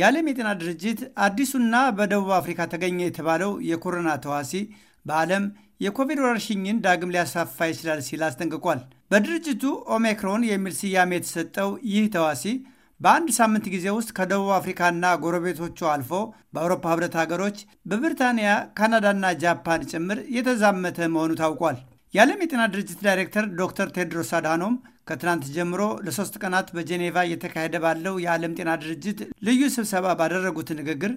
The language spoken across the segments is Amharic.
የዓለም የጤና ድርጅት አዲሱና በደቡብ አፍሪካ ተገኘ የተባለው የኮሮና ተዋሲ በዓለም የኮቪድ ወረርሽኝን ዳግም ሊያስፋፋ ይችላል ሲል አስጠንቅቋል። በድርጅቱ ኦሜክሮን የሚል ስያሜ የተሰጠው ይህ ተዋሲ በአንድ ሳምንት ጊዜ ውስጥ ከደቡብ አፍሪካና ጎረቤቶቹ አልፎ በአውሮፓ ህብረት ሀገሮች በብሪታንያ፣ ካናዳና ጃፓን ጭምር የተዛመተ መሆኑ ታውቋል። የዓለም የጤና ድርጅት ዳይሬክተር ዶክተር ቴድሮስ አድሃኖም ከትናንት ጀምሮ ለሶስት ቀናት በጄኔቫ እየተካሄደ ባለው የዓለም ጤና ድርጅት ልዩ ስብሰባ ባደረጉት ንግግር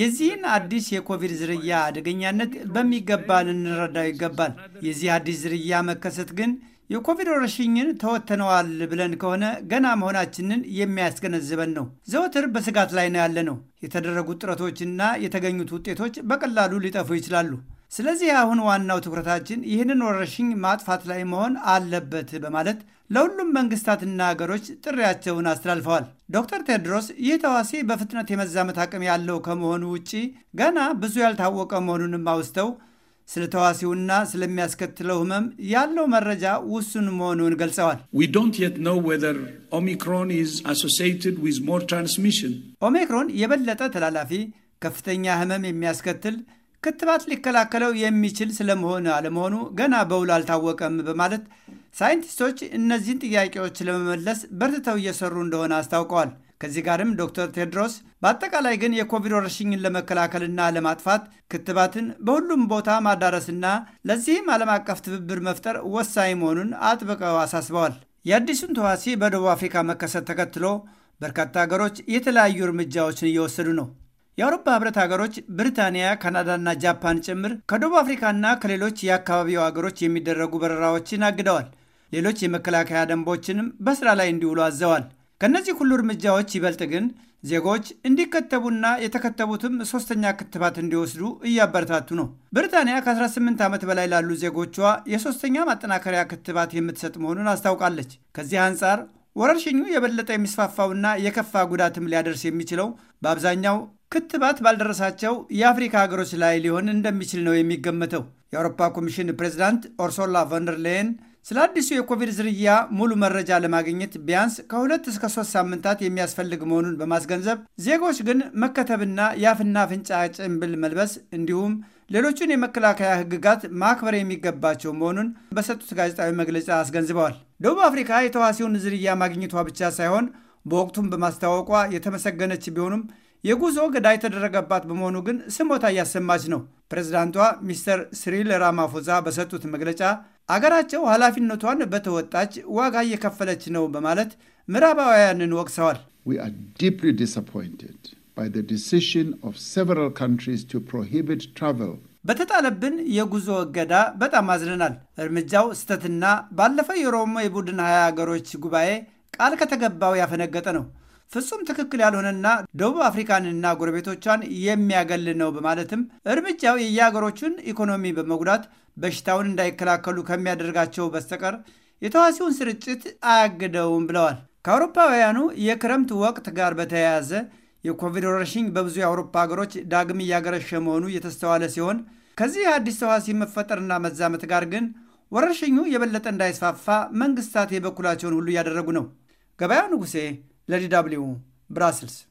የዚህን አዲስ የኮቪድ ዝርያ አደገኛነት በሚገባ ልንረዳው ይገባል። የዚህ አዲስ ዝርያ መከሰት ግን የኮቪድ ወረርሽኝን ተወተነዋል ብለን ከሆነ ገና መሆናችንን የሚያስገነዝበን ነው። ዘወትር በስጋት ላይ ነው ያለ ነው። የተደረጉት ጥረቶችና የተገኙት ውጤቶች በቀላሉ ሊጠፉ ይችላሉ። ስለዚህ አሁን ዋናው ትኩረታችን ይህንን ወረርሽኝ ማጥፋት ላይ መሆን አለበት በማለት ለሁሉም መንግስታትና አገሮች ጥሪያቸውን አስተላልፈዋል። ዶክተር ቴድሮስ ይህ ተዋሲ በፍጥነት የመዛመት አቅም ያለው ከመሆኑ ውጪ ገና ብዙ ያልታወቀ መሆኑንም አውስተው ስለ ተዋሲውና ስለሚያስከትለው ህመም ያለው መረጃ ውሱን መሆኑን ገልጸዋል። ኦሚክሮን የበለጠ ተላላፊ ከፍተኛ ህመም የሚያስከትል ክትባት ሊከላከለው የሚችል ስለመሆን አለመሆኑ ገና በውል አልታወቀም በማለት ሳይንቲስቶች እነዚህን ጥያቄዎች ለመመለስ በርትተው እየሰሩ እንደሆነ አስታውቀዋል። ከዚህ ጋርም ዶክተር ቴድሮስ በአጠቃላይ ግን የኮቪድ ወረርሽኝን ለመከላከልና ለማጥፋት ክትባትን በሁሉም ቦታ ማዳረስና ለዚህም ዓለም አቀፍ ትብብር መፍጠር ወሳኝ መሆኑን አጥብቀው አሳስበዋል። የአዲሱን ተዋሲ በደቡብ አፍሪካ መከሰት ተከትሎ በርካታ ሀገሮች የተለያዩ እርምጃዎችን እየወሰዱ ነው። የአውሮፓ ህብረት ሀገሮች ብሪታንያ፣ ካናዳና ጃፓን ጭምር ከደቡብ አፍሪካና ከሌሎች የአካባቢው ሀገሮች የሚደረጉ በረራዎችን አግደዋል። ሌሎች የመከላከያ ደንቦችንም በስራ ላይ እንዲውሉ አዘዋል። ከእነዚህ ሁሉ እርምጃዎች ይበልጥ ግን ዜጎች እንዲከተቡና የተከተቡትም ሶስተኛ ክትባት እንዲወስዱ እያበረታቱ ነው። ብሪታንያ ከ18 ዓመት በላይ ላሉ ዜጎቿ የሶስተኛ ማጠናከሪያ ክትባት የምትሰጥ መሆኑን አስታውቃለች። ከዚህ አንጻር ወረርሽኙ የበለጠ የሚስፋፋውና የከፋ ጉዳትም ሊያደርስ የሚችለው በአብዛኛው ክትባት ባልደረሳቸው የአፍሪካ ሀገሮች ላይ ሊሆን እንደሚችል ነው የሚገመተው። የአውሮፓ ኮሚሽን ፕሬዚዳንት ኦርሶላ ቨንደርሌየን ስለ አዲሱ የኮቪድ ዝርያ ሙሉ መረጃ ለማግኘት ቢያንስ ከሁለት እስከ ሶስት ሳምንታት የሚያስፈልግ መሆኑን በማስገንዘብ ዜጎች ግን መከተብና የአፍና አፍንጫ ጭንብል መልበስ እንዲሁም ሌሎቹን የመከላከያ ሕግጋት ማክበር የሚገባቸው መሆኑን በሰጡት ጋዜጣዊ መግለጫ አስገንዝበዋል። ደቡብ አፍሪካ የተዋሲውን ዝርያ ማግኘቷ ብቻ ሳይሆን በወቅቱም በማስተዋወቋ የተመሰገነች ቢሆኑም የጉዞ ገዳ የተደረገባት በመሆኑ ግን ስሞታ እያሰማች ነው። ፕሬዝዳንቷ ሚስተር ሲሪል ራማፎዛ በሰጡት መግለጫ አገራቸው ኃላፊነቷን በተወጣች ዋጋ እየከፈለች ነው በማለት ምዕራባውያንን ወቅሰዋል። በተጣለብን የጉዞ እገዳ በጣም አዝነናል። እርምጃው ስህተትና ባለፈው የሮማ የቡድን ሀያ አገሮች ጉባኤ ቃል ከተገባው ያፈነገጠ ነው። ፍጹም ትክክል ያልሆነና ደቡብ አፍሪካንና ጎረቤቶቿን የሚያገል ነው በማለትም እርምጃው የየሀገሮቹን ኢኮኖሚ በመጉዳት በሽታውን እንዳይከላከሉ ከሚያደርጋቸው በስተቀር የተዋሲውን ስርጭት አያግደውም ብለዋል። ከአውሮፓውያኑ የክረምት ወቅት ጋር በተያያዘ የኮቪድ ወረርሽኝ በብዙ የአውሮፓ ሀገሮች ዳግም እያገረሸ መሆኑ የተስተዋለ ሲሆን ከዚህ አዲስ ተዋሲ መፈጠርና መዛመት ጋር ግን ወረርሽኙ የበለጠ እንዳይስፋፋ መንግስታት የበኩላቸውን ሁሉ እያደረጉ ነው። ገበያው ንጉሴ Lady W. Brussels.